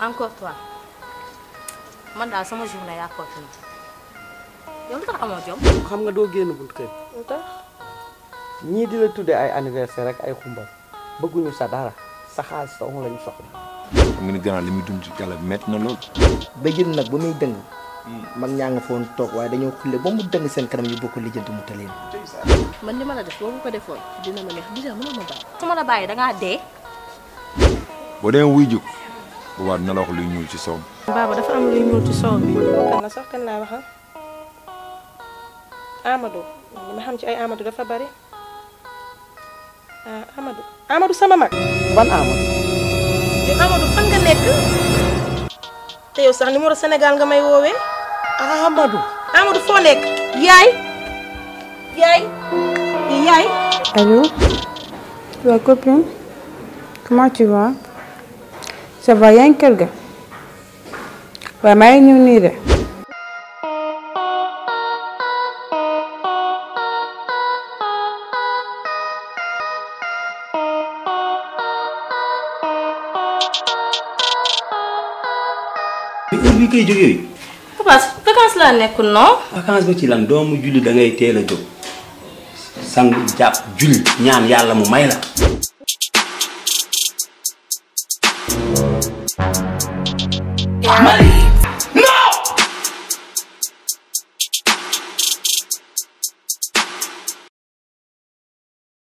Encore toi. man da sama journée ya ko continue yow lu tax amoo jom. xam nga do génn buntu kër. lu tax ñii di la tuddé ay anniversaire rek ay xumbal bëgguñu sa dara sa xaal sa sax lañu soxla. mu ngi gannaaw li muy dund ci yàlla métti na lool. ba jël nak bu muy dëng. Hmm. mag ñaa nga foon tok way dañoo xulle ba mu dëng seen kanam ñu bokku lijeentu mu taleen. man ni ma la def bo ko defoon dina ma neex dina mën a ma baay. Suma la baay da nga dé. Bo demee wuy juk. boobaa dina la wax luy ñuul ci soow mi. baaba dafa am luy ñuul ci soow bi. kan la sax kan laa waxal Amadou li ma xam ci ay Amadou dafa bari ah Amadou Amadou sama mag. ban Amadou. yow Amadou fan nga nekk te yow sax numéro Sénégal nga may woowee. Amadou. Amadou foo nekk. yaay yaay yaay. allo. waa copine comment tu vas. ça va yaa ga waaye maa ngi nii de bi kay jóg yooyu. vacance laa nekkul non. vacance ba ci lan doomu julli da ngay teel a jóg sang jàpp julli ñaan yàlla mu may la. Money.